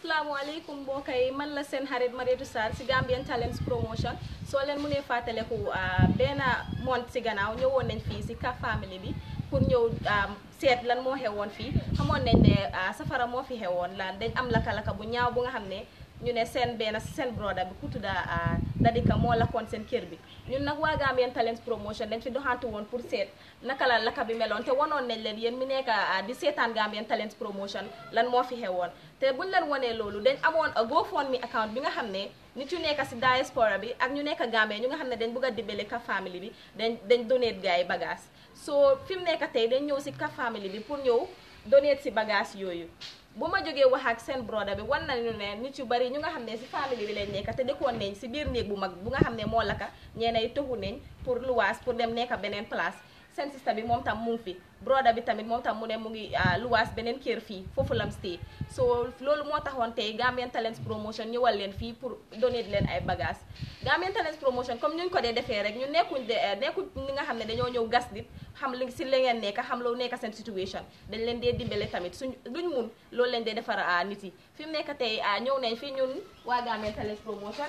asalaamaaleykum mbokk yi man la seen xarit Mariétou Sarr si Gambian Talents Promotion soo leen mënee fàttaleku ah, benn month si gannaaw ñëwoon nañ fii si Ka Family bi pour ñëw ah, seet lan moo xewoon fii xamoon nañ ne ah, safara moo fi xewoon laa dañ am lakalaka bu ñaaw bu nga xam ne ñu ne seen benn seen broda bi ku tudda ah, Dadika moo lakkoon seen kër bi ñun nag waa Gambian Talents Promotion dañ fi doxantu woon pour seet naka la lakka bi meloon te wanoon nañ leen yéen mi nekk ah, di seetaan Gambian Talents Promotion lan moo fi xewoon te buñ leen wanee loolu dañ amoon mi account bi nga xam ne nit yu nekk si diaspora bi ak ñu nekk Gambie ñu nga xam ne dañ bëgg a dimbale Kah family bi dañ dañ donate gars yi bagage so fi mu nekk tey dañ ñëw si Kah family bi pour ñëw donate si bagage yooyu bu ma jógee wax ak seen broda bi wan nañu ne nit yu bari ñu nga xam ne si famille bi lañ nekk te dëkkoon nañ si biir néeg bu mag bu nga xam ne moo ñeen ñeenay tëxu nañ pour luwaas pour dem nekk beneen place seen sista bi moom tam mu ngi fi broda bi tamit moom tam mu ne mu ngi ah, luwaas beneen kër fii foofu lam stay so loolu moo taxoon tey Gambian Talents Promotion ñëwal leen fii pour donner leen ay bagages Gambian Talents Promotion comme ñu ko dee defee rek ñu nekkuñ de eh, nekkuñ ñi nga xam ne dañoo ñëw gas nit xam li si la ngeen nekk xam loo nekk seen situation dañ leen dee dimbale tamit suñ luñ mun loolu leen dee defar ah, nit yi fi mu nekk tey ah, ñëw nañ fi ñun waa Gambian Talents Promotion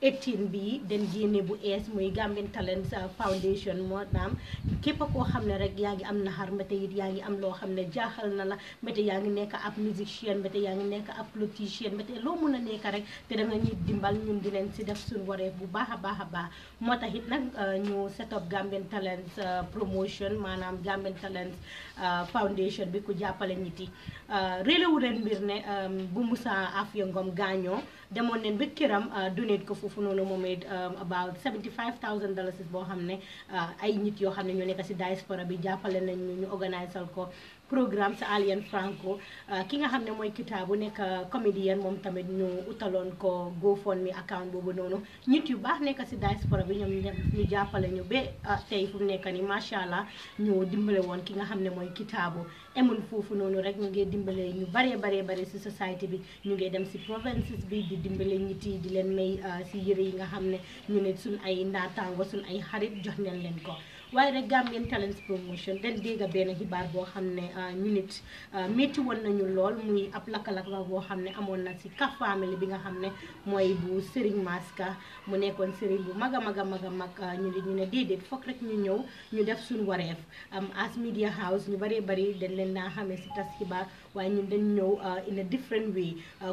18 bi den génne bu ees muy Gambian Talents Foundation moo naam képp koo xam ne rek yaa ngi am naxar mbete it yaa ngi am loo xam ne jaaxal na la mbete yaa ngi nekk ab musicien mbete yaa ngi nekk ab politicien mbete loo mun a nekk rek te da nga ñuy dimbal ñun di leen si def suñu wareef bu baax a baax a baax moo tax it nag euh, ñu set up Gambian Talents euh, promotion maanaam Gambian Talents euh, foundation bi ku jàppale nit yi réelewuleen mbir ne bu Musa Afia Ngum gaañoo demoon neen ba këram euh, donate ko foofu noonu moom it euh, about 75000 dollars boo xam ne euh, ay nit yoo xam ne ñoo nekk si diaspora bi jàppale nañ ñu organisal ko programme si Alien Franco euh, ki nga xam ne mooy kitaabu nekk euh, comédien moom tamit ñu utaloon ko GoFundMe account boobu noonu nit yu baax nekk si diaspora bi ñoom ñu jàppale ñu ba euh, tey fu nekk nii macha allah ñu dimbale woon ki nga xam ne mooy kitaabu emul foofu noonu rek ñu ngi dimbale ñu baree baree bare si société bi ñu ngi dem si provinces bi di dimbalee nit yi di leen may si yëre yi nga xam ne ñu ne suñ ay ndaataango suñ ay xarit jox nañ leen ko. waaye rek Gambian Talents Promotion den dégg benn xibaar boo xam ne euh, ñu nit euh, métti woon nañu lool muy ab lakkalak la boo xam ne amoon nag si ka famille bi nga xam ne mooy bu Serigne Maska mu nekkoon Serigne bu mag a mag a mag a mag euh, ñu nit ñu ne déedéet foog rek ñu ñëw ñu def suñu wareef as media house ñu bëree bëri dañ leen naa xamee si tas xibaar waaye ñun dañ ñëw in a different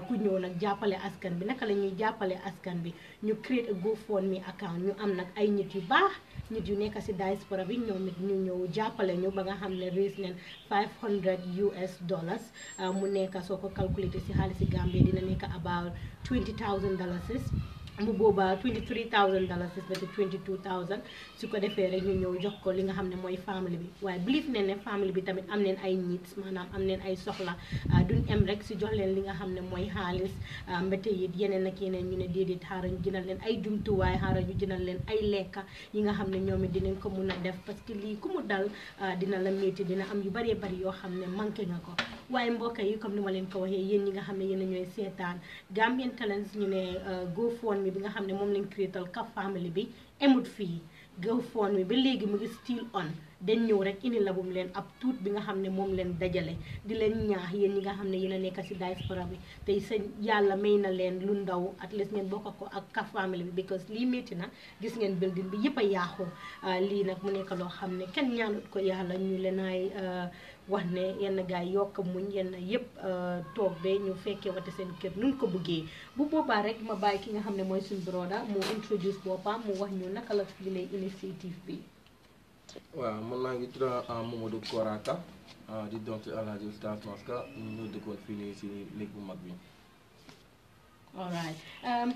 ku ñëw nag jàppale askan bi naka lañuy ñuy jàppale askan bi ñu create a GoFundMe account ñu am nag ay nit yu baax nit yu nekk si diaspora bi ñoom it ñu ñëw jàppale ñu ba nga xam ne raise neen 500 US dollars uh, mu nekk soo ko calculé si xaalis si Gambie dina nekk about 20 000 dollars bu boobaa 23000 dollars ba te 22000 su ko defee rek ñu ñëw jox ko li nga xam ne mooy famille bi waaye bilif ne ne famille bi tamit am neen ay needs maanaam am neen ay soxla ah, duñ em rek si jox leen li nga xam ne mooy xaalis mbéte ah, it yeneen ak yeneen ñu ne déedéet xaaral ñu jënal leen ay jumtuwaay xaaral ñu jënal leen ay lekka yi nga xam ne ñoom it dinañ ko mun a def parce que lii ku mu dal ah, dina la métti dina am yu baree bëri yoo xam ne manqué nga ko waaye mbokk yi comme ni ma leen ko waxee yéen ñi nga xam ne yéen a ñooy seetaan Gambian Talents ñu ne GoFundMe GoFundMe bi nga xam ne moom lañ créétal ka family bi emut fii GoFundMe ba léegi mu ngi still on dañ ñëw rek indi la bum leen ab tuut bi nga xam ne moom leen dajale di leen ñaax yéen ñi nga xam ne yéen a nekk si diaspora bi tey sa yàlla may na leen lu ndaw at least ngeen bokk ko ak ka family bi because lii métti na gis ngeen building bi yëpp a yaaxu ah, lii nag mu nekk loo xam ne kenn ñaanut ko yàlla ñu leen ah, wax ne yenn gars yi yokk muñ yenn yëpp euh, toog be ñu fekkee wate seen kër nun ko buggee bu boobaa rek ma bàyyi ki nga xam ne mooy suñu broda mu introduce boppam mu wax ñu naka la filee initiative bi waaw man maa ngi tudd euh, Momadou Koraka euh, di doom ci Alhaji Oustaz Maska ñu dëkkoon fii nii si néeg bu mag bi alright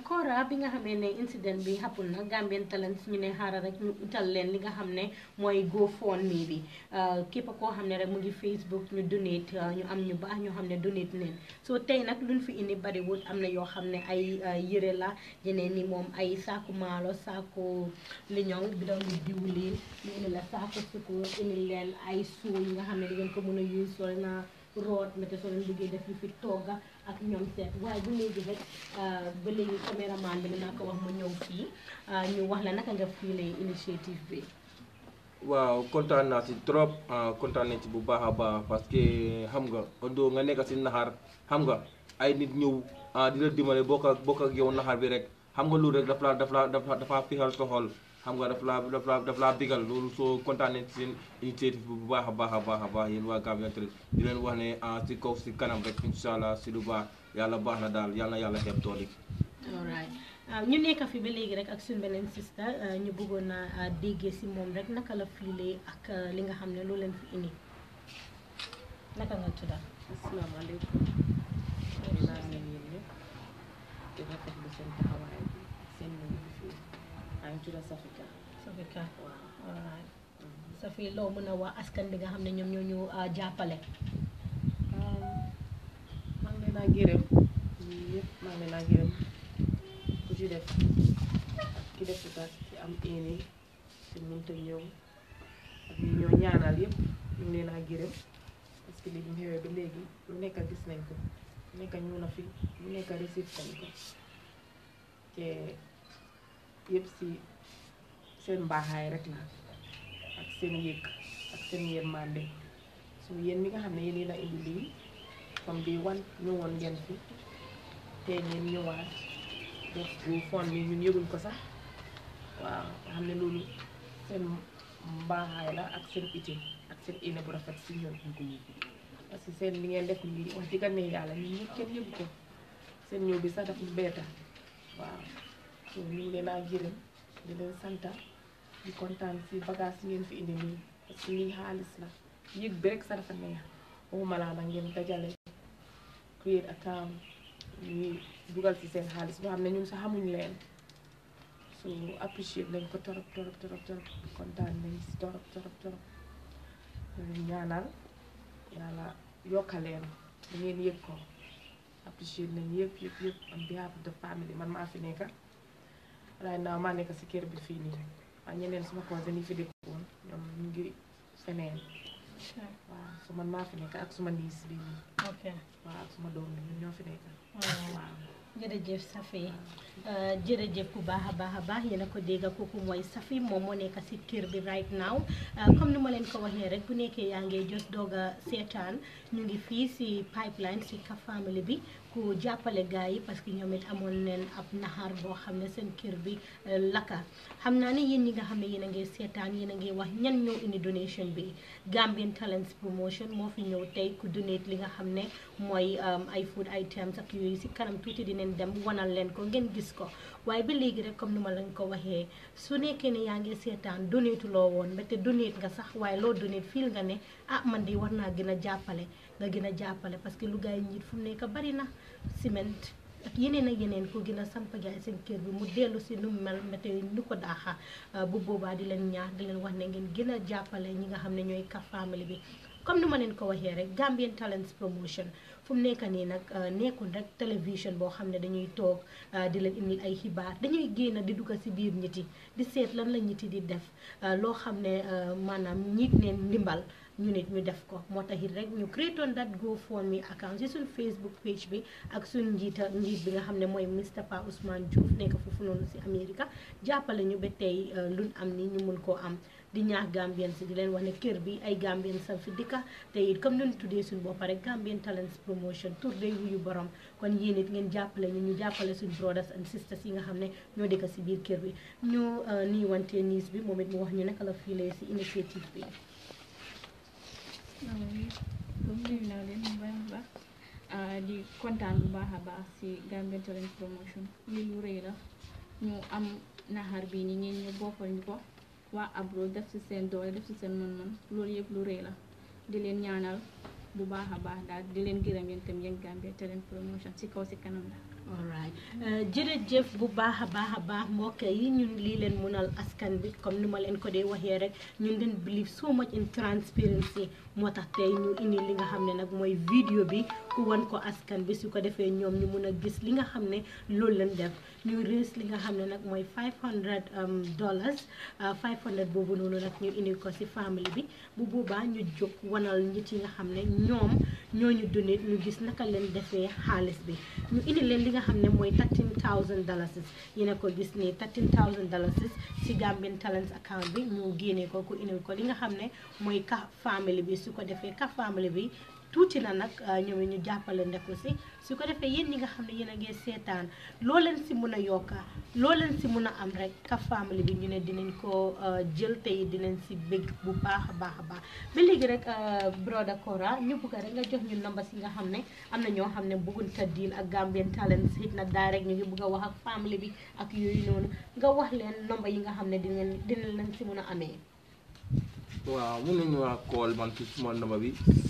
Kora um, bi nga xamee ne incident bi xappul na Gambian Talents ñu ne xaaral rek ñu utal leen li nga xam ne mooy GoFundMe bi uh, képp koo xam ne rek mu ngi Facebook ñu donate uh, ñu am ñu baax ñoo xam ne donate leen so tey nag luñ fi indi bariwul am na yoo xam ne ay yëre la yeneen ni moom ay saaku maalo saaku liñoŋ bi doon diwlin ñu indi la saaku sukur indi leen ay suuy nga xam ne di ngeen ko mën a use soo leen a root météo soo leen bëggee def yu fi togga ak ñoom seet waaye bu léegi rek euh, ba léegi caméraman bi naa ko wax mu ñëw fii euh, ñu wax la naka nga fii lay initiative bi waaw kontaan naa si trop euh, kontaan nañ ci bu baax a baax parce que xam nga ondo nga nekk si naxar xam nga ay nit ñëw ah, di la dimbale bokk ak bokk ak yow naxar bi rek xam nga loolu rek dafa dafa dafa dafa fiixal sa xol xam nga daf laa daf laa daf laa bégal loolu soo kontaanee seen initiative bu baax a baax a baax a baax yéen waa Gambian Talents di leen wax ne si ah, kaw si kanam rek incha allah si lu baax yàlla baax la daal yàlla yàlla xeeb tool yi. waaw ah, ñu nekk fi ba léegi rek ak suñu beneen sista ah, ñu bëggoon a déggee si moom rek naka la fiilee ak li nga xam ne loolu leen fi indi naka nga tudda asalaamaaleykum maa seen taxawaay maa ngi tudd Safika. Safika mm-hmm. Safi loo mën a wax askan bi nga xam ne ñoom ñoo ñu ah, jàppale. maa ngi leen a gërëm ñun ñëpp maa ngi leen ku ci def ki def ci ci am éene te mënut a ñëw ak ñu ñoo ñaanal yëpp ñu ngi leen a gërëm parce que mu xewee ba léegi lu nekk gis nañ ko lu nekk ñëw fi lu nekk réussir nañ ko te. yëpp si seen mbaaxaay rek la ak seen yëg ak seen yërmande so yéen mi nga xam ne yéen la indi lii comme bi wan ñëwoon ngeen fi te ngeen ñëwaat def bu ñun yëguñ ko sax waaw nga xam ne loolu seen mbaaxaay la ak seen ité ak seen ine bu rafet si ñun parce que seen bi ngeen def nii wax dëgg ne yàlla ñun ñëpp kenn yëgu ko seen ñëw bi sax daf beeta waaw ñu ngi leen a yërëm di leen santa di kontaan si bagage ngeen fi indi nii parce que lii xaalis la yëg bi rek sa dafa neex waxuma laa nag ngeen dajale create account ñuy dugal si seen xaalis boo xam ne ñun sax xamuñ leen su apprécier nañ ko torop torop torop torop kontaan nañ si torop torop ñaanal yàlla yokkaleen ngeen yëg ko apprécier nañ yëpp yëpp yëpp the family man maa fi nekka right now maa nekk si kër bi fii nii waaw ñeneen suma cousin yi fi dëkkoon su man maa fi nekk ak suma niis bi nii waaw ak suma doom bi ñun ñoo fi nekk waaw jërëjëf Safi euh, jërëjëf bu baax a baax a baax yéen a ko dégg kooku mooy Safi moom moo nekk si kër bi right now euh, comme ni ma leen ko waxee rek bu nekkee yaa ngi jos doog seetaan ñu ngi fii si pipeline si ka family bi ku jàppale gars yi parce que ñoom it amoon neen ab naxaar boo xam ne seen kër bi euh, lakka xam naa ne yéen ñi nga xam ne yéen a ngi seetaan yéen a ngi wax ñan ñëw indi donation bi Gambian Talents Promotion moo fi ñëw tey ku donate li nga xam ne mooy um, ay food items ak yooyu si kanam tuuti dinañ dem wanal leen ko ngeen gis ko waaye ba léegi rek comme ni ma lañ ko waxee su nekkee ne yaa ngi seetaan donate loo woon ba te donate nga sax waaye loo donate fil nga ne ah man di war naa gën a jàppale nga gën a jàppale parce que Louga yi ñiit fu mu nekk bari na ciment ak yeneen ak yeneen ko gën a samp gaay seen kër bi mu dellu si nu mel météo nu ko daaxa euh, bu boobaa di leen ñaax di leen wax ne ngeen gën a jàppale ñi nga xam ne ñooy Kah family bi comme nu ma leen ko waxee rek Gambian Talents Promotion fu mu nekk nii nag euh, nekkul rek télévision boo xam ne dañuy toog euh, di leen indi ay xibaar dañuy génn di dugg si biir ñiti di seet lan la ñiti di def loo xam ne maanaam ñiit neen ndimbal ñu nit ñu def ko moo taxit rek ñu create on that GoFundMe account si suñ Facebook page bi ak suñ njiita njiit bi nga xam ne mooy Mr Pa Ousmane Diouf nekk foofu noonu si Amérique jàppale ñu ba tey euh, luñ am ni ñu mun koo am di ñaax Gambien si di leen wax kër bi ay Gambien sa fi dikka te comme nun tuddee suñ boppa rek Gambian Talents Promotion tur day borom kon yéen it ngeen jàppale ñu ñu jàppale suñ brothers and sisters yi nga xam ne ñoo dëkk si biir kër bi ñu euh, nii wante niis bi moom it mu wax ñu naka la fiilee si initiative bi comme nuyu naa leen bu baax a di kontaan bu baax a baax si Gambian Talents Promotion lii lu rëy la ñu am naxar bi nii ngeen ñu bokkal ñu ko waa ab abroad def ci seen doole def ci seen mën-mën loolu yëpp lu rëy la di leen ñaanal bu baax a baax daal di leen gërëm yéen itam yéen Gambian Talents Promotion ci kaw si kanam la alright euh, jërëjëf bu baax a baax a baax mbokk yi ñu lii leen mënal askan bi comme ni ma leen ko dee waxee rek ñun leen believe so much in transparency moo tax tey ñu indi li nga xam ne nag mooy vidéo bi ku wan ko askan bi su ko defee ñoom ñu mun a gis li nga xam ne loolu lañ def ñu rees li nga xam ne nag mooy 500 um, dollars 500 euh, boobu noonu nag ñu indi ko si famille bi bu boobaa ñu jóg wanal nit yi nga xam ne ñoom ñoo ñu donate ñu gis naka leen defee xaalis bi ñu indi leen li nga nga xam ne mooy thirteen thousand dalasis yéen ne ko gis ne thirteen thousand dalasis si Gambian Talents account bi ñu génnee ko ku indil ko li nga xam ne mooy ka family bi su ko defee ka family bi tuuti na nag euh, ñoom ñu jàppale ndeku si su ko defee yéen ñi nga xam ne yéen a ngi seetaan loo si mën a yokka loo leen si mun a am rek ka famille bi ñu ne dinañ ko euh, jël tey dinañ si bëgg bu baax a baax a baax ba léegi rek euh, broda Kora ñu bëgg rek nga jox ñu number si nga xam ne am na ñoo xam ne bëgguñ ta diil ak Gambian Talents hit nag daa rek ñu ngi bëgg a wax ak famille bi ak yooyu noonu nga wax leen number yi nga xam ne dinañ dinañ leen si mun a amee. waaw mun nañu to call man ci number B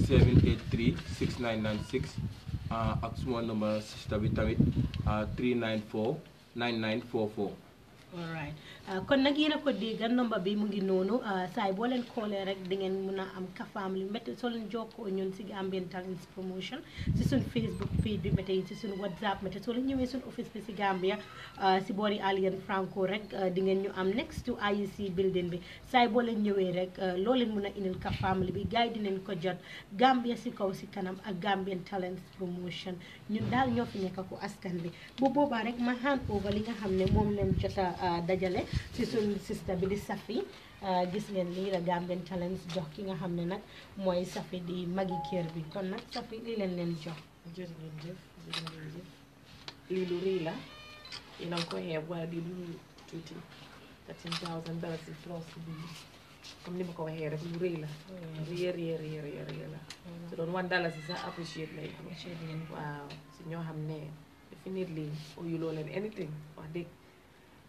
783 6996 uh, ak suma number sista bi tamit uh, uh, 394 9944 alright uh, kon nag yéen a ko dégga nomba bi mu ngi noonu uh, saay boo leen koolee rek di ngeen mën a am kafaam lu métti soo leen jokkoo ñun si Gambian Talents Promotion si suñ Facebook page bi métti si suñ WhatsApp métti soo leen ñëwee suñ office bi si Gambia si uh, boori Alien Franco rek di ngeen ñu am next to IEC building bi saay boo leen ñëwee rek loo leen mën a indil kafaam bi gars yi dinañ ko jot Gambia si kaw si kanam ak Gambian Talents Promotion ñu daal ñoo fi nekk ko askan bi bu boobaa rek ma hand over li nga xam ne moom leen jota Eh, dajale ci suñ sista bi di Safi eh, gis ngeen lii la Gambian challenge jox ki nga xam ne nag Safi di magi kër bi kon nag Safi lii leen leen jox jërë ngeen jëf ngeen jëf lii lu rëy la yéen ko xeeb wa di lu tuuti thirteen thousand dollars si plus bi comme ko waxee rek lu rëy la mm. rëy rëy rëy rëy la mm. su doon one dollar appreciate lay ñoo ne definitely you leen anything wax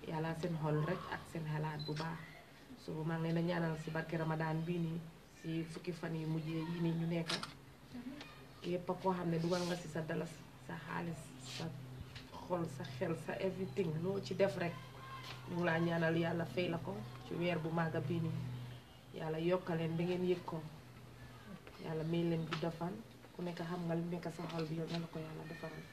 yàlla seen xol rek ak seen xalaat bu baax so maa ngi leen ñaanal si barke Ramadan bii nii si fukki fan yi mujj yi nii ñu nekk képp koo xam ne dugal nga si sa dalas sa xaalis sa xol sa xel sa everything loo ci def rek ñu ngi laa ñaanal yàlla fay la ko ci weer bu màgga bii nii yàlla yokkaleen ba ngeen yëg ko yàlla may leen bu defan ku nekk xam nga lu nekk sa xol bi yow na la ko yàlla defaral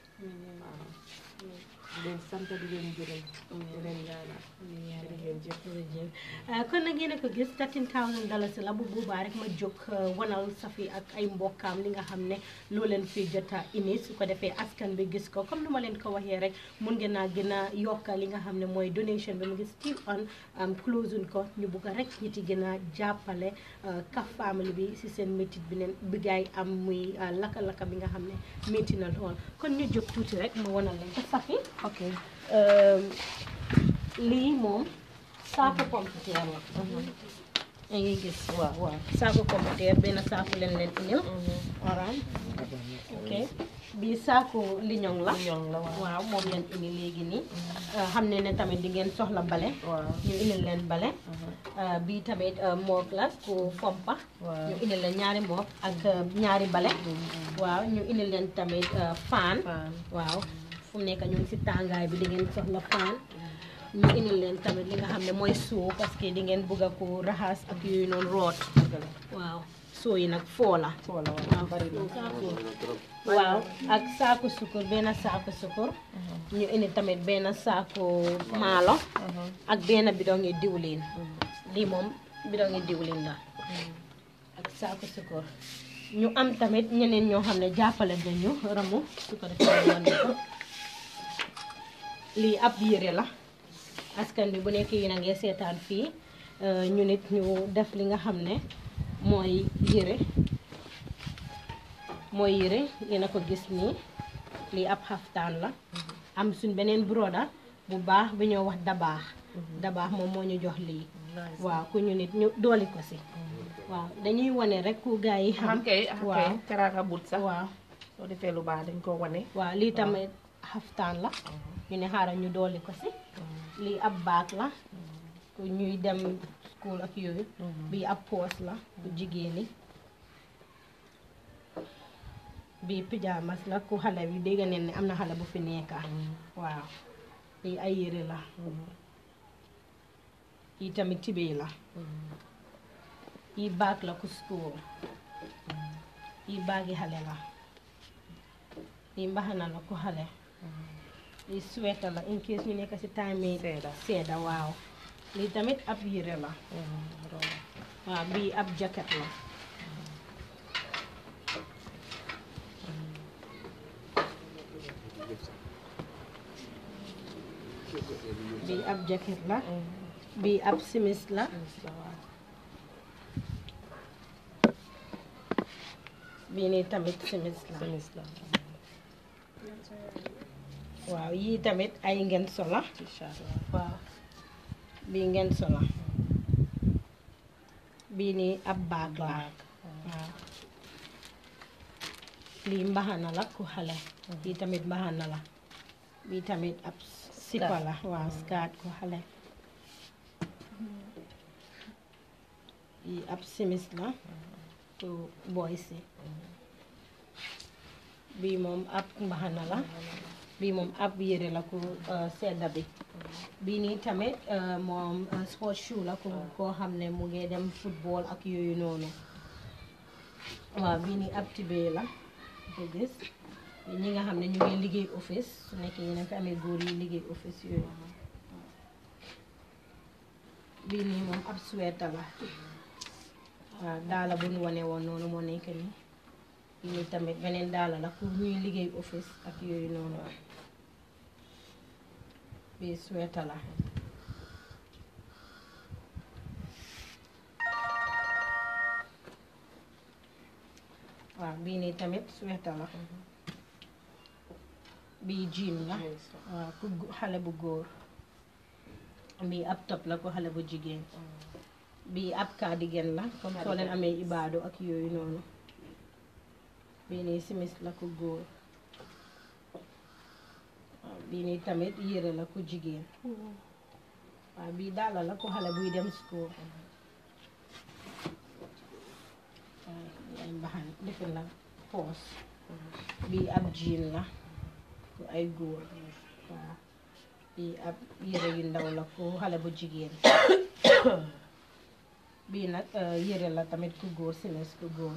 di sant di leen gërëm di leen ñaanal jërëjëf euh, kon nag yéen ko gis thirteen thousand dalasi la bu boobaa rek ma jóg euh, wanal safi ak ay mbokkaam li nga xam ne loo leen fi jota ini su ko defee askan bi gis ko comme ni ma leen ko waxee rek mun ngeen naa gën a yokk li nga xam ne mooy donation bi mu ngi still on closing ko ñu bugg rek ñi ti gën a jàppale ka euh, family bi si seen métit bi neen bi gaay am muy laka-laka bi nga xam ne métti na lool kon ñu jóg tuuti rek ma wanal leen ko safi ok lii moom saako pompiteer la. Ini gis waaw waaw saako pompiteer benn saako ok Bi saako liñoŋ la. liñoŋ la waaw moom leen indi léegi nii. xam mhm. ah, ne ne tamit di bale. la mhm. ah, ah, ku pompa. ñu indil leen ñaari mook ak ñaari bale. waaw ñu indil fu nekk ñoom si tàngaay bi di ngeen soxla paan ñu indil leen tamit li nga xam ne mooy soo parce que di ngeen bugg ko raxas ak yooyu noonu root waaw soo yi nag foo la waaw ak saaku sukur benn saaku sukur ñu indi tamit benn saaku maalo ak benn bidon ngi diwlin lii moom bidon ngi diwlin la ak saaku sukur ñu am tamit ñeneen ñoo xam ne jàppale nañu ramu su ko defee lii ab yére la askan bi bu nekk yi na ngee seetaan fii euh, ñu nit ñu def li nga xam ne mooy yére mooy yére yéen a ko gis nii lii ab xaftaan la am suñ beneen broda bu baax bi ñoo wax dabaax mhm. dabaax moom moo ñu jox lii waaw ku ñu nit ñu dooli ko si mhm. waaw dañuy wane rek ku gars yi xam kay waaw teraanga defee lu baax dañ ko wane waaw lii tamit xaftaan la mhm. ñu ne xaaral ñu dooli ko si lii ab baag la ñuy dem school ak yooyu mhm. bii ab poos la bu jigéen yi bii pijaamas la ku xale bi dégg neen ne am na xale bu fi nekka mhm. waaw lii ay yére la yi mhm. tamit tibéy la yi baag la ku school yi baagi xale la yi mbaxana la ku xale li sweater la in case ñu nekk si time seeda waaw lii tamit ab yére la mm-hmm. waaw bii ab jacket la bii ab jacket la mm-hmm. bii ab simis la mm-hmm. bii nii tamit simis la waaw yii iya, tamit ay ngeen sola waaw bii ngeen sola bii nii ab baag la waaw lii mbaxana la ku xale mhm. bii tamit mbaxana la bii tamit ab sipa la waaw mhm. skaat ku xale yii ab simis la ku mhm. boy si bii moom ab mbaxana la bii moom ab yére la ko euh, sedda bi bii nii tamit euh, moom euh, sport shoe la ko koo xam ne mu ngi dem football ak yooyu noonu waaw bii nii ab tibee la ko gis ñi nga xam ne ñu ngi liggéey office su nekkee yeneen fi amee góor yi liggéey office yooyu bii nii moom ab sweater la waaw daala bu ñu wane woon noonu moo nekk nii yooyu tamit beneen daala la pour ñuy liggéey office ak yooyu noonu bi la waaw bii tamit sweater la bii jean la waaw ku xale bu góor bii ab top la ku xale bu jigéen mm. bii ab cardigan la soo leen amee ibaadu ak yooyu noonu bii nii simis la ko góor waaw bii tamit yére la ko jigéen waaw bii daala la ko xale buy dem school ay mbaxan defe la jiin la ku ay góor waaw bii ab yére yu ndaw la ko xale bu jigéen bii nag euh, yére la tamit ku góor simis ku góor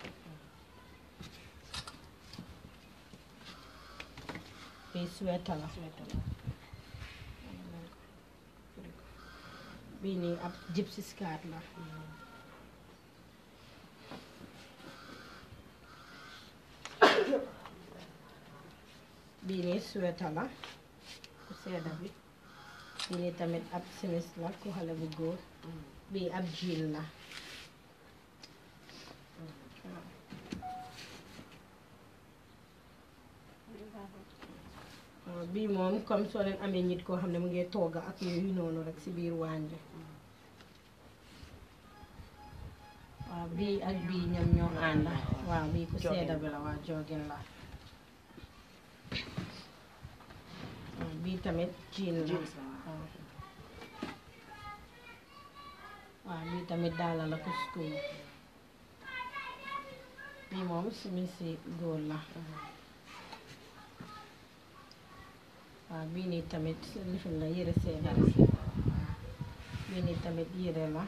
sweater la sweater la bii nii ab gypsy skirt la bii nii sweater la ku sedda tamit ab simis la ku xale bu ab jean la bi moom comme soo leen amee nit koo xam ne mu ngi togg ak yooyu noonu rek si biir waañ bi ak bii ñoom ñoo ànd waaw bii ku sedda bi la waaw joogin la waaw bii tamit ciin la waaw bii tamit daala la kuskus bii moom simisi góor la waaw bii nii tamit lifin la yëre seen la bii nii tamit yëre la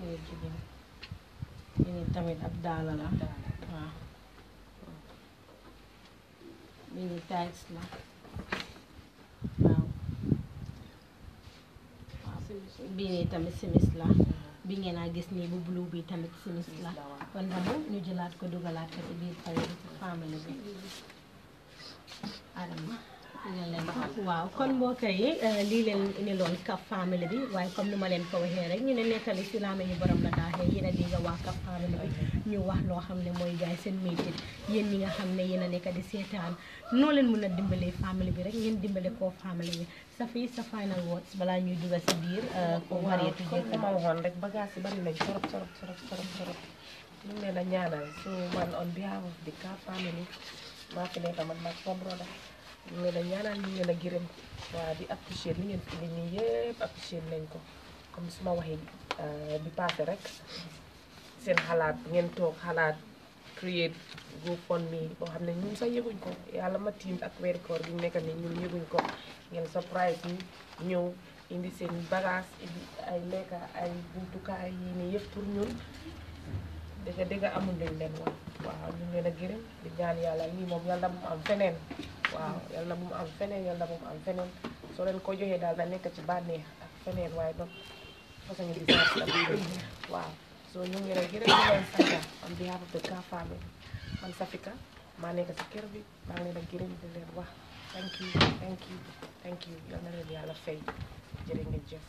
yëre bii nii tamit ab daala la waaw bii nii tights la bii nii tamit simis la bi ngeen naa gis nii bu blue bi tamit simis la kon damu ñu jëlaat ko dugalaat ko ci biir pare bi ci famille bi adama waaw kon mbokk yi eh, lii leen indiloon Kaf famille bi waaye comme ni ma leen ko waxee rek ñu ne nettali si laame yu borom la daaxee yéen a dégg waa Kaf famille ñu wax loo xam ne mooy jaay seen métier yéen ñi nga xam ne yéen a nekk di seetaan noo leen mën a dimbalee famille bi rek ngeen dimbale koo famille sa fii sa final words balaa ñuy dugal si biir eh, ko variété waaw comme ma waxoon rek bagage yi bari nañ torop torop torop torop torop ñu leen a ñaanal su man on behalf of the Kaf famille maa fi nekk man ñu ngi la ñaanal ñu ngi la gërëm waa di apprécier li ngeen fi indi nii yëpp apprécier nañ ko comme su ma waxee euh, bi passé rek seen xalaat ngeen toog xalaat create GoFundMe boo xam ne ñun sax yëguñ ko yàlla ma tiim ak weeri koor gi nekk ni ñun yëguñ ko ngeen surprise yi ñëw indi seen bagage indi ay lekka ay buntukaay yi nii yëpp pour ñun dëgg dëgg amul luñ leen wax waaw ñu ngi leen a gërëm di ñaan yàlla lii moom yàlla bu mu am feneen waaw yàlla bu mu am feneen yàlla bu am feneen soo leen ko joxee daal da nekk ci bànneex ak feneen waaye donc façon di la waaw soo ñu ngi leen a gërëm di leen sànga on behalf of the Kah nekk si kër bi maa ngi leen a gërëm di leen wax thank you thank you thank you yal leen yàlla fay jërë jëf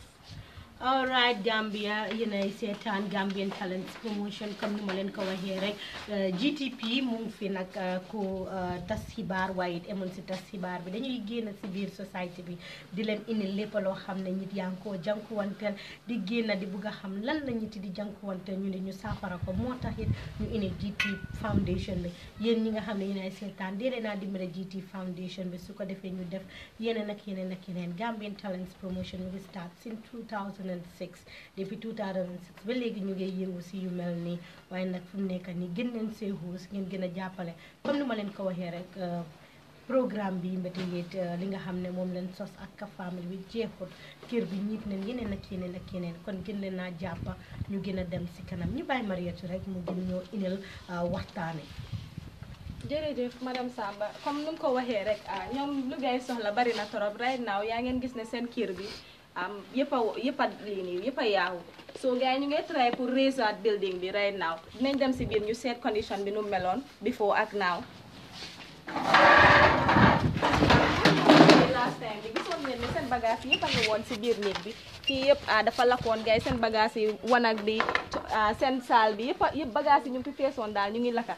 all right Gambia yéenay seetaan Gambian Talents Promotion comme nu ma leen ko waxee rek euh, GTP mu ngi fi nag euh, ku euh, tas xibaar waaye it emoon si tas xibaar bi dañuy génn si biir société bi di leen indil lépp loo xam ne nit yaa ngi koo jànkuwanteel di génn di bugg a xam lan la ñit di jànkuwanteel ñu ne ñu saafara ko moo tax it ñu indi GTP foundation bi yéen ñi nga xam ne yéenay seetaan dee naa dimbale GTP foundation bi su ko defee ñu def yeneen ak yeneen ak yeneen Gambian Talents Promotion 2006 depuis ba léegi ñu ngi yëngu si yu mel nii waaye nag fu mu nekk nii gën leen see xuus ngeen gën a jàppale comme ni ma leen ko waxee rek euh, programme bi mbéte yit euh, li nga xam ne moom leen sos ak ka famille bi jeexut kër bi ñiit nañ yeneen ak yeneen ak yeneen kon gën leen naa jàppa ñu gën a dem si kanam ñu bàyyi Mariétou rek mu gën ñoo indil euh, waxtaane jërëjëf madame Samba comme nu mu ko waxee rek ah, ñoom lu gaay soxla bari na torop right now yaa ngeen gis seen kër bi um, yepa yepa lini yepa yahu so guys ñu ngay try pour raise building bi right now dinañ dem ci biir ñu set condition bi nu melon before ak now last time bi gisoon ngeen ne seen bagage yëpp a ngi woon si biir néeg guys send bagasi dafa lakkoon gay seen bagage yi wanag bi ah, seen saal bi yëpp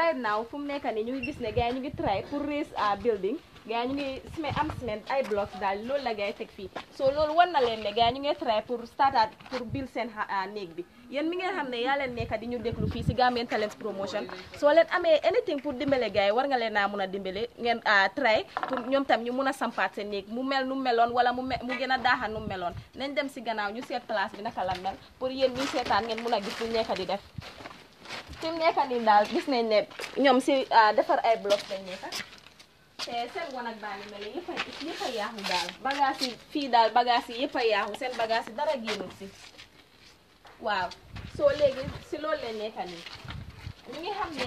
right now fu mu nekk nii ñu ngi try to raise ah, building gars yi ñu ngi semaine am semaine ay bloc daal lool la gars yi teg fii so loolu war na leen ne gars yi ñu ngi try pour startaat pour build seen ah, néeg bi yéen mi ngeen xam ne yaa leen nekk di ñu déglu fii si Gambian Talents Promotion soo leen amee anything pour dimbale gars yi war nga leen naa mun a dimbale ngeen ah, try pour ñoom tam ñu mun a sampaat seen néeg mu mel nu meloon wala mu mu gën a daaxa nu meloon nañ dem si gannaaw ñu seet place bi naka la mel pour yéen ñuy seetaan ngeen mun a gis lu def fi mu nekk daal gis nañ ne ñoom si ah, defar ay bloc lañ nekk te eh, seen wanag baa ngi mel ni yëpp a yëpp a daal bagages yi fii daal bagaas yi yëpp a seen bagages yi dara génnul si waaw soo léegi si loolu la nekk nii ñu ngi xam ne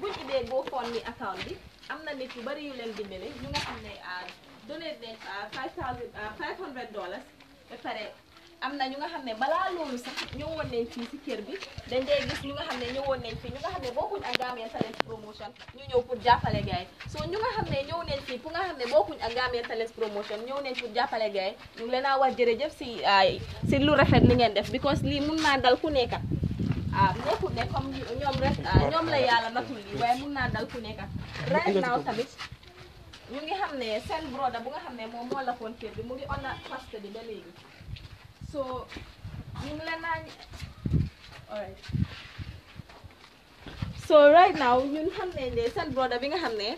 bu ñu dee GoFundMe account bi am na nit yu bari yu leen dimbale ñu nga xam ne donate nañ 5000 500 dollars ba pare. am na ñu nga xam ne balaa loolu sax ñëwoon nañ fii si kër bi dañ dee gis ñu nga xam ne ñëwoon nañ fii ñu nga xam ne bokkuñ ak Gambian Talents promotion ñu ñëw pour jàppale gars yi soo ñu nga xam ne ñëw nañ ak Gambian Talents promotion ñëw nañ pour jàppale gars yi ñu ngi leen a si ay si lu rafet li ngeen def because lii mun naa dal ku nekka ah nekkul ne comme ñoom ah, la yàlla natul lii waaye mun naa dal ku nekka right now tamit ñu ngi xam ne seen broda bu nga xam ne moom moo lafoon kër bi mu ngi on a fast bi ba léegi so ñu ngi la naan alright ñun xam ne ne seen broda bi nga xam ne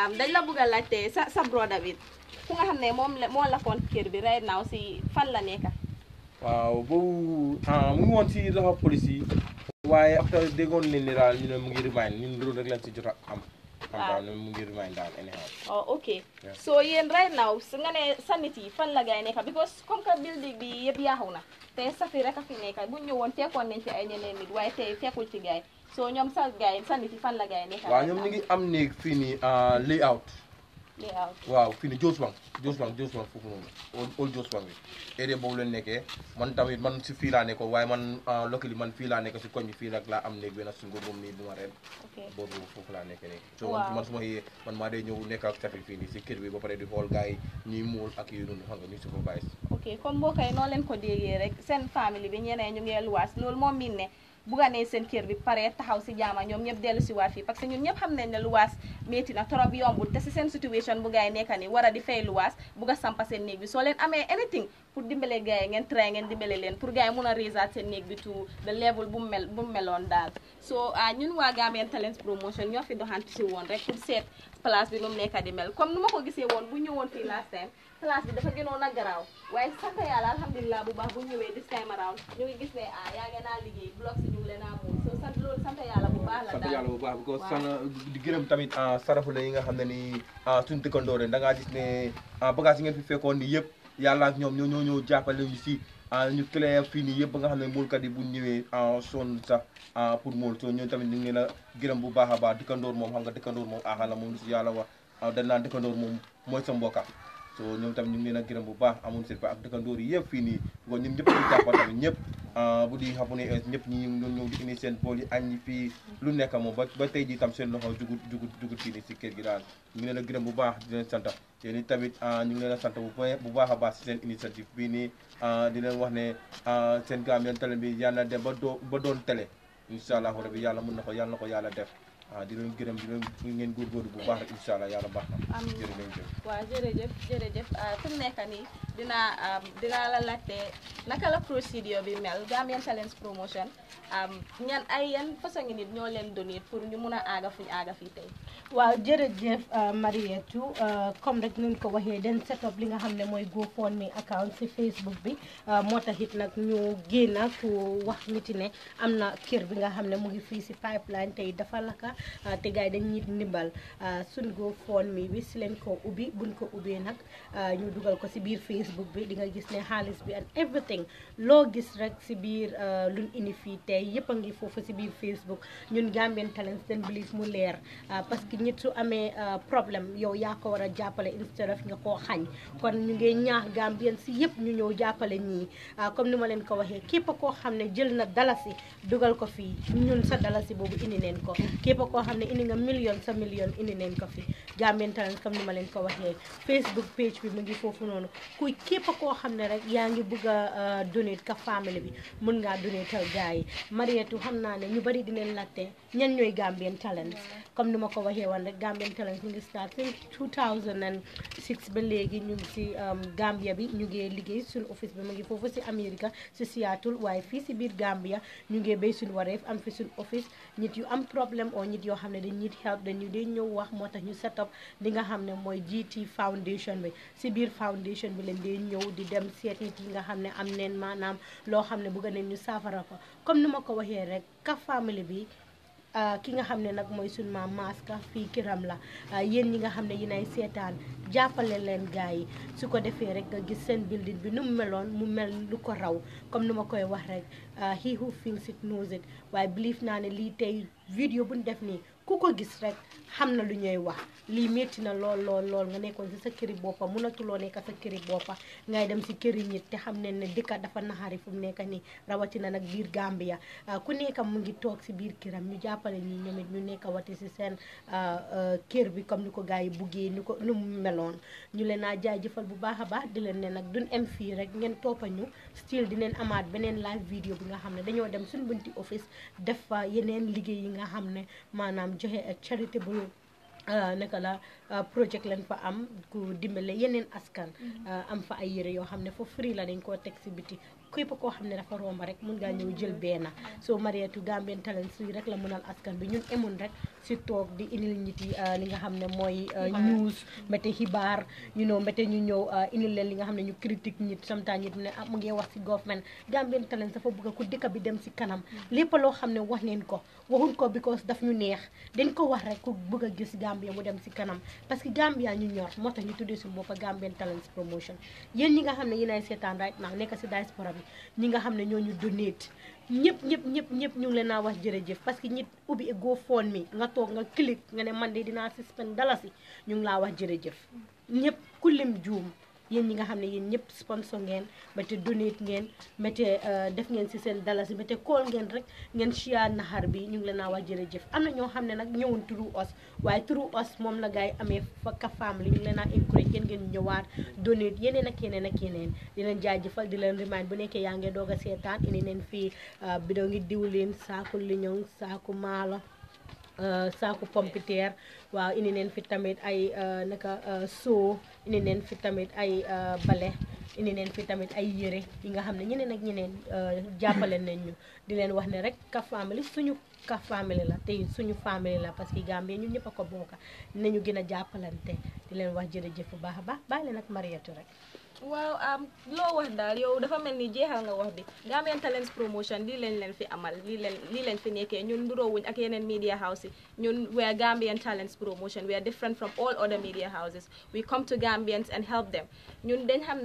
am um, dañ la bëgg a laajte sa sa broda bi ku nga xam ne moom la moo lakkoon kër bi right now si fan la nekk waaw boobu ah, mu ngi woon si loxo police yi waaye après déggoon nañ ne daal ñu ne mu ngi ribaan ñun loolu rek lañ si jot am Sometimes uh, we remind them anyhow. Oh, okay. Yeah. So yeah, right now, sanity fan la gay neka because kom ka building bi yeb yaaxu na. Té sa fi rek fi neka bu ñewon fekkon nañ fi ay ñeneen nit waaye té fekkul ci gaay. So ñom sa gaay sanity fan la gay neka. Wa ñom ñi ngi am néeg fii nii ah, layout. waaw fii nii Dios Bank Dios Bank Dios Bank foofu noonu ol Dios Bank bi area boobu la nekkee man tamit man si fii laa nekkoon waaye man ah, locally man fii laa nekk si koñ bi fii nag laa am néeg benn sungur moom nii bu ma ren boobu foofu laa nekkee nii man ma yee maa day ñëw nekk ak safil fii nii si kër bi ba pare di xool gars yi ñuy muul ak yooyu noonu xam nga ñuy supervise ok comme boo koy noonu leen ko déggee rek seen famille bi ñeneen ñu ngi luwaas loolu moom miin ne nee seen kër bi pare taxaw si jaama ñoom ñëpp dellu si waat fii parce que ñun ñëpp xam nañ ne luwaas métti na trop yombul te si seen situation bu gaay nekka ni war di fay luwaas bugg a sampa seen néeg bi soo leen amee anything pour dimbale gars yi ngeen try ngeen dimbale leen pour gars mun a risaat seen néeg bi tout le level bu mel bu meloon daal so ah, ñun waa Gambian Talents Promotion ñoo fi doxantu si woon rek pour seet place bi nu mu comme nu ma ko gisee woon bu ñëwoon fii place dafa gënoon a garaaw waaye sant yàlla bu baax bu ñëwee di time around ñu ah, a ah, yi nga xam ne ni a ah, dëkkandoo ren da ngaa gis ne bagage yi ngeen fi fekkoon ni yëpp yàlla ak ñoom ñoo ñoo ñëw jàppale ñu si ñu clé fii nii yëpp ba nga xam ne moolkat yi bu ñëwee sonn sax pour mool soo ñoo tamit ñu ngi a gërëm bu baax a baax dëkkandoor moom xam nga dëkkandoor moom aaxala moom lu si yàlla wax dañ naan dëkkandoor moom mooy sa mbokka so ñoom tam ñu ngi leen a gërëm bu baax amun seen fa ak dëkkandoor yi yëpp fii nii kon ñun ñëpp ñu jàppa tamit ñëpp ah, bu di xaponee ñëpp ñi ñoom ñoom di indi seen bool yi añ yi lu nekk moom ba ba tey jii tam seen loxo jugut jugut jugut fii nii si kër gi daal ñu ngi leen a gërëm bu baax di leen sant yéen i tamit ah, ñu ngi a sant bu bu baax a baax si seen initiative bii nii ah, di wax ne seen Gambian Talents bi yàlla na dem ba doo ba doon télé incha allahu rabi yàlla mun na ko yàlla ko yàlla def waaw ah, di leen gërëm di leen ngeen góor bu baax rek incha allah yàlla baax na. amiin jërëjëf waaw jërëjëf jërëjëf ah, fi mu nekk nii dinaa dinaa la laajte naka la procédure bi mel Gambian Talents Promotion ñan ay yan façon nit ñoo leen donné pour ñu mun a aaga fuñu aaga fii tey. waaw jërëjëf euh, Mariétou euh, comme rek nuñ ko waxee den set up li nga xam ne mooy GoFundMe account si Facebook bi euh, moo taxit nag ñu génn ku wax nit ne am na kër bi nga xam ne mu ngi fii si pipeline tey dafa laka te gars dañ ñit ndimbal suñ GoFundMe bi si leen ko ubbi buñ ko ubbee nag ñu dugal ko si biir Facebook bi di nga gis ne xaalis bi and everything loo gis rek si biir lu luñ indi fii tey yëpp a ngi foofu ci biir Facebook ñun Gambian Talents den mu leer parce que nit su amee euh, problème yow yaa ko war a jàppale instead nga koo xañ kon ñu ngi ñaax Gambien si yëpp ñu ñëw jàppale ñii euh, comme ni ma leen ko waxee képp koo xam ne jël na dalasi dugal ko fii ñun sa dalasi boobu indi neen ko képp koo xam ne indi nga million sa million indi neen ko fii Gambian Talents comme ni ma leen ko waxee Facebook page bi mu ngi foofu noonu ku képp koo xam ne rek yaa ngi bëgg a euh, donate ka famille bi mën ngaa donatal gars yi Mariétou xam naa ne ñu bari dinañ laajte ñan ñooy Gambian Talents waxee woon rek Gambian Talents ñu ngi start since 2006 ba léegi ñu ngi ci um, Gambia bi ñu ngi liggéey suñu office bi mu ngi foofu si Amérique si Seattle waaye fii si biir Gambia ñu ngi béy suñu wareef am fi suñu office nit yu am problème o nit yoo xam ne dañ need help dañu dee ñëw wax moo tax ñu set up li nga xam ne mooy GT foundation bi si biir foundation bi leen dee ñëw di dem seet nit yi nga xam ne am neen maanaam loo xam ne bëgg nañ ñu saafara ko Euh, ki nga xam ne nag mooy suñu maam Maska fii këram la euh, yéen ñi nga xam ne yéenay seetaan jàppale leen gars yi su ko defee rek nga gis seen building bi nu mu meloon mu mel lu ko raw comme nu ma koy wax rek euh, he who feels it knows it waaye believe naa ne lii tey vidéo bu ñu def nii. ku ko gis rek xam na lu ñuy wax lii métti na lool lool lool nga nekkoon si sa këri boppa mënatuloo nekk sa këri boppa ngay dem si këri nit te xam ne ne dëkka dafa naxari fu mu nekk nii rawatina nag biir Gambia ah, ku nekk mu ngi toog si biir këram ñu jàppale ñu ñoom ñu nekk wati si seen ah, ah, kër bi comme ni ko gars yi buggee nu ko nu mu meloon ñu leen a jaajëfal bu baax a baax di leen ne nag duñ am fii rek ngeen toppa ñu style dineen amaat beneen live vidéo bi nga xam ne dañoo dem suñ bunti office def fa yeneen liggéey yi nga xam ne maanaam doon joxe charitable euh, naka la euh, projet leen fa am ku dimbale yeneen askan. Mhm. Euh, am fa ay yére yoo xam ne foofu free la dañ koo teg si biti képp koo xam ne dafa romba rek mun ngaa ñëw jël benn mhm. soo Mariétou Gambian Talents yi rek la mënal askan bi ñun emun rek. si toog di indi nit yi euh, li nga xam ne mooy euh, news mbete xibaar ñu noo mbete ñu ñëw euh, indil leen li nga xam ne ñu critique nit sometimes nit mu ne ah, mu ngi wax si government Gambian Talents dafa bëgg ku dëkk bi dem si kanam mm. lépp loo xam ne wax leen ko waxuñ ko because daf ñu neex dañ ko wax rek ku bëgg gis Gambia mu dem si kanam parce que Gambia ñu ñor moo tax ñu tuddee suñu bopp Gambian Talents promotion yéen ñi nga xam ne yéenay seetaan right now nekk si diaspora bi ñi nga xam ne ñoo ñu donate ñëpp ñëpp ñëpp ñëpp ñu leen naa wax jërëjëf parce que ñit ubbi GoFundMe nga toog nga click nga ne man de dinaa suspend dalasi ñu ngi laa wax jërëjëf ñëpp ku lim juum yéen ñi nga xam ne yéen ñëpp sponsor ngeen ba te donate ngeen ba te euh, def ngeen si seen dalasi ba te kool ngeen rek ngeen siyaa naxar bi ñu ngi leen a wax jërëjëf am na ñoo xam ne nag ñëwoon turu os waaye turu os moom la gars yi amee fakka femme li ñu ngi leen a encourage yéen ñëwaat donate yeneen ak yeneen ak yeneen di leen jaajëfal di leen remind bu nekkee yaa ngi doog a seetaan indi neen fii euh, bidon ngi diwlin saaku liñoŋ saaku maalo Euh, saaku pompiteer waaw indi neen fi tamit ay euh, naka euh, soo indi neen fi tamit ay bale indi neen fi tamit ay yëre yi nga xam ne ñeneen ak ñeneen jàppale nañ ñu di leen wax ne rek Kah Family suñu Kah Family la te suñu family la parce que Gambie ñun ñëpp a ko bokk nañu gën a jàppalante di leen wax jërëjëf bu baax a baax bàyyi leen ak Mariétou rek. Well, waaw um, loo wax daal yow dafa mel ni jeexal nga wax bi Gambian Talents Promotion lii leen leen fi amal lii leen lii leen fi nekkee ñun nduroowuñ ak yeneen media house. ñun we are Gambian Talents Promotion we are different from all other media houses we come to Gambians and help them ñun dañ xam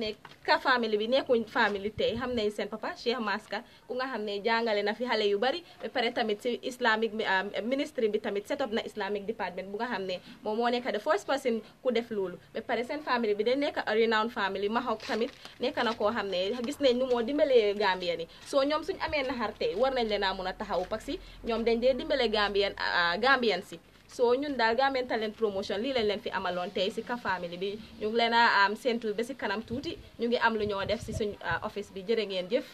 ka family bi nekkuñ family tey xam nañ papa Cheikh Maska ku nga xam jàngale na fi xale yu bari ba pare tamit si islamic um, ministry bi tamit set up na islamic department bu nga xam ne moom nekk the first person ku def loolu ba pare seen family bi dañ nekk a renowned family Mahawk tamit nekk na koo xam ne gis nañ nu moo dimbalee Gambien yi soo ñoom suñ amee naxar tey war nañ leen a mun a taxaw parce que ñoom dañ dee dimbale Gambien ah, Gambien si soo ñun daal Gambian Talent Promotion lii lañ leen fi amaloon tey si Kafamily bi ñu ngi leen a am seentu ba si kanam tuuti ñu ngi am lu ñoo def si suñ ah, office bi jërë ngeen jëf